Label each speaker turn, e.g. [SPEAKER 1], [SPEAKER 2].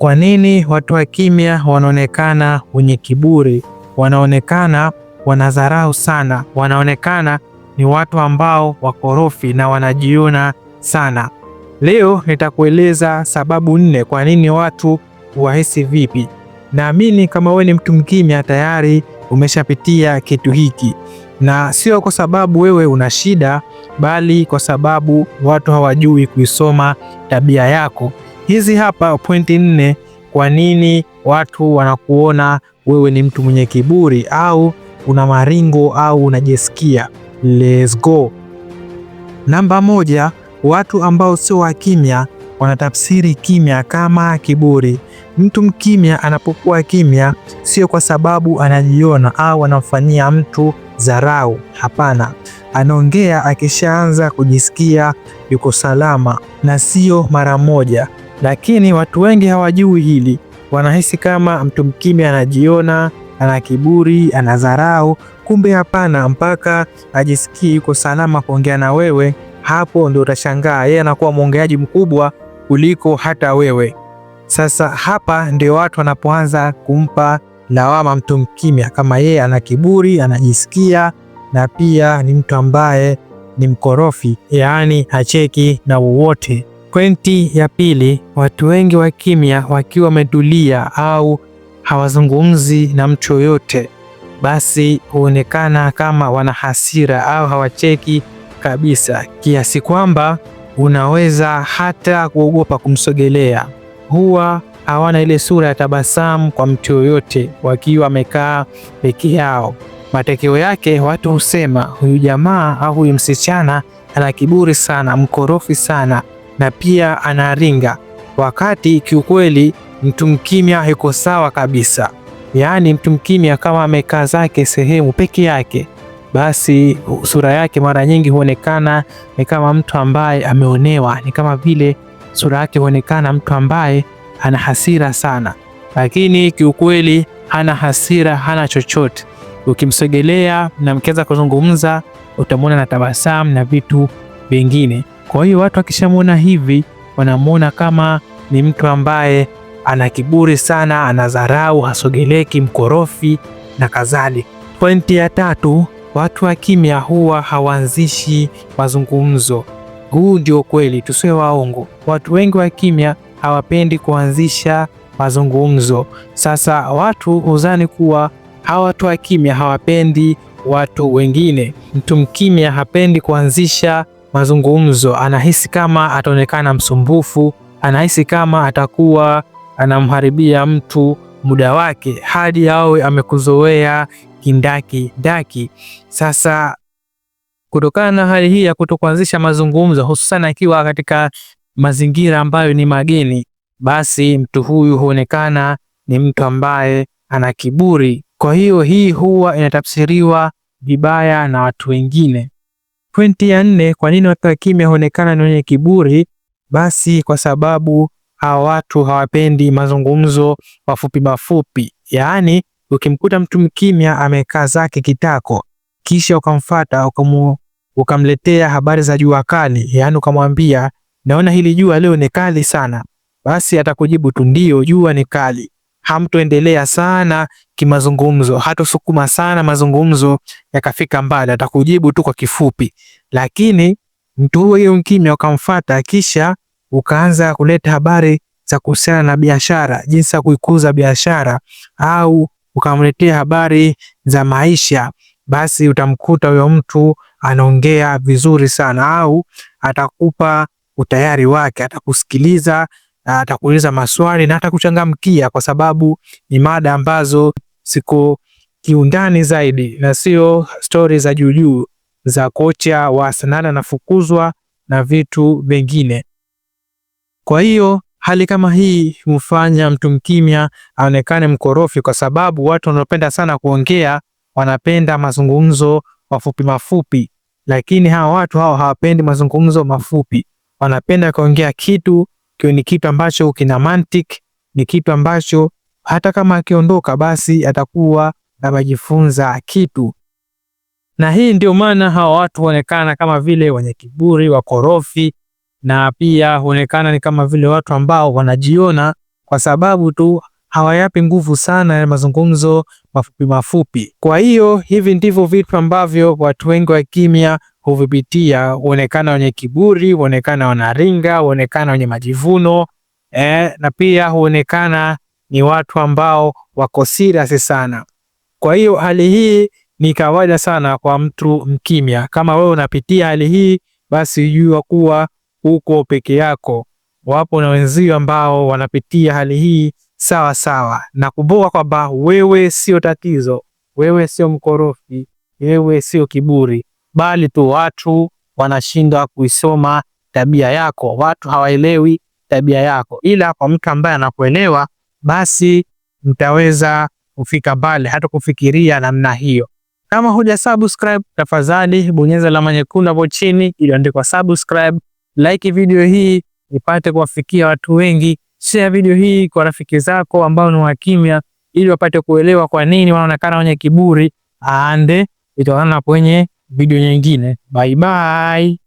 [SPEAKER 1] Kwa nini watu wa kimya wanaonekana wenye kiburi, wanaonekana wanadharau sana, wanaonekana ni watu ambao wakorofi na wanajiona sana? Leo nitakueleza sababu nne kwa nini watu wahisi vipi. Naamini kama wewe ni mtu mkimya tayari umeshapitia kitu hiki, na sio kwa sababu wewe una shida, bali kwa sababu watu hawajui kuisoma tabia yako Hizi hapa pointi nne, kwa nini watu wanakuona wewe ni mtu mwenye kiburi au una maringo au unajisikia. Let's go. Namba moja, watu ambao sio wakimya wanatafsiri kimya kama kiburi. Mtu mkimya anapokuwa kimya, sio kwa sababu anajiona au anamfanyia mtu dharau. Hapana, anaongea akishaanza kujisikia yuko salama, na sio mara moja lakini watu wengi hawajui hili. Wanahisi kama mtu mkimya anajiona ana kiburi, dharau. Kumbe hapana, mpaka ajisikie yuko salama kuongea na wewe, hapo ndio utashangaa yeye anakuwa mwongeaji mkubwa kuliko hata wewe. Sasa hapa ndio watu wanapoanza kumpa lawama mtu mkimya, kama yeye ana kiburi, anajisikia na pia ni mtu ambaye ni mkorofi, yaani hacheki na wowote. Pointi ya pili, watu wengi wa kimya wakiwa wametulia au hawazungumzi na mtu yoyote, basi huonekana kama wana hasira au hawacheki kabisa, kiasi kwamba unaweza hata kuogopa kumsogelea. Huwa hawana ile sura ya tabasamu kwa mtu yoyote, wakiwa wamekaa peke yao. Matokeo yake watu husema huyu jamaa au huyu msichana ana kiburi sana, mkorofi sana na pia anaringa, wakati kiukweli mtu mkimya yuko sawa kabisa. Yaani mtu mkimya kama amekaa zake sehemu peke yake, basi sura yake mara nyingi huonekana ni kama mtu ambaye ameonewa, ni kama vile sura yake huonekana mtu ambaye ana hasira sana, lakini kiukweli hana hasira, hana chochote. Ukimsogelea na mkianza kuzungumza, utamwona na tabasamu na vitu vingine. Kwa hiyo watu wakishamwona hivi wanamwona kama ni mtu ambaye ana kiburi sana, anadharau, hasogeleki, mkorofi na kadhalika. Pointi ya tatu, watu wa kimya huwa hawaanzishi mazungumzo. Huu ndio kweli, tusiwe waongo. Watu wengi wa kimya hawapendi kuanzisha mazungumzo. Sasa watu huzani kuwa hawa watu wa kimya hawapendi watu wengine. Mtu mkimya hapendi kuanzisha mazungumzo, anahisi kama ataonekana msumbufu, anahisi kama atakuwa anamharibia mtu muda wake hadi awe amekuzoea kindaki daki. Sasa kutokana na hali hii ya kutokuanzisha mazungumzo, hususan akiwa katika mazingira ambayo ni mageni, basi mtu huyu huonekana ni mtu ambaye ana kiburi. Kwa hiyo hii huwa inatafsiriwa vibaya na watu wengine. Pointi ya nne, kwa nini watu wa kimya huonekana ni wenye kiburi? Basi kwa sababu hawa watu hawapendi mazungumzo mafupi mafupi, yaani ukimkuta mtu mkimya amekaa zake kitako, kisha ukamfata ukamu, ukamletea habari za jua kali, yaani ukamwambia naona hili jua leo ni kali sana, basi atakujibu tu ndio, jua ni kali hamtoendelea sana kimazungumzo, hatosukuma sana mazungumzo yakafika mbali, atakujibu tu kwa kifupi. Lakini mtu huyo mkimya ukamfata, kisha ukaanza kuleta habari za kuhusiana na biashara, jinsi ya kuikuza biashara, au ukamletea habari za maisha, basi utamkuta huyo mtu anaongea vizuri sana, au atakupa utayari wake, atakusikiliza na atakuuliza maswali na atakuchangamkia, kwa sababu ni mada ambazo siko kiundani zaidi na sio stori za juujuu za kocha wa Arsenal anafukuzwa na vitu vingine. Kwa hiyo hali kama hii humfanya mtu mkimya aonekane mkorofi, kwa sababu watu wanaopenda sana kuongea wanapenda mazungumzo mafupi mafupi, lakini hawa watu hao hawapendi mazungumzo mafupi, wanapenda kuongea kitu Kiyo ni kitu ambacho kina mantiki, ni kitu ambacho hata kama akiondoka basi atakuwa amejifunza kitu. Na hii ndio maana hawa watu huonekana kama vile wenye kiburi, wakorofi na pia huonekana ni kama vile watu ambao wanajiona kwa sababu tu hawayapi nguvu sana ya mazungumzo mafupi mafupi. Kwa hiyo hivi ndivyo vitu ambavyo watu wengi wa kimya huvipitia huonekana wenye kiburi, huonekana wanaringa, huonekana wenye majivuno eh, na pia huonekana ni watu ambao wako serious sana. Kwa hiyo hali hii ni kawaida sana kwa mtu mkimya. Kama wewe unapitia hali hii, basi jua kuwa uko peke yako, wapo na wenzio ambao wanapitia hali hii sawa sawa, na kumbuka kwamba wewe sio tatizo, wewe sio mkorofi, wewe sio kiburi bali tu watu wanashindwa kuisoma tabia yako, watu hawaelewi tabia yako, ila kwa mtu ambaye anakuelewa basi mtaweza kufika mbali, hata kufikiria namna hiyo. Kama huja subscribe, tafadhali bonyeza alama nyekundu hapo chini iliyoandikwa subscribe. Like video hii ipate kuwafikia watu wengi, share video hii kwa rafiki zako ambao ni wakimya, ili wapate kuelewa kwa nini wanaonekana wenye kiburi aande itokana kwenye video nyingine. Bye bye.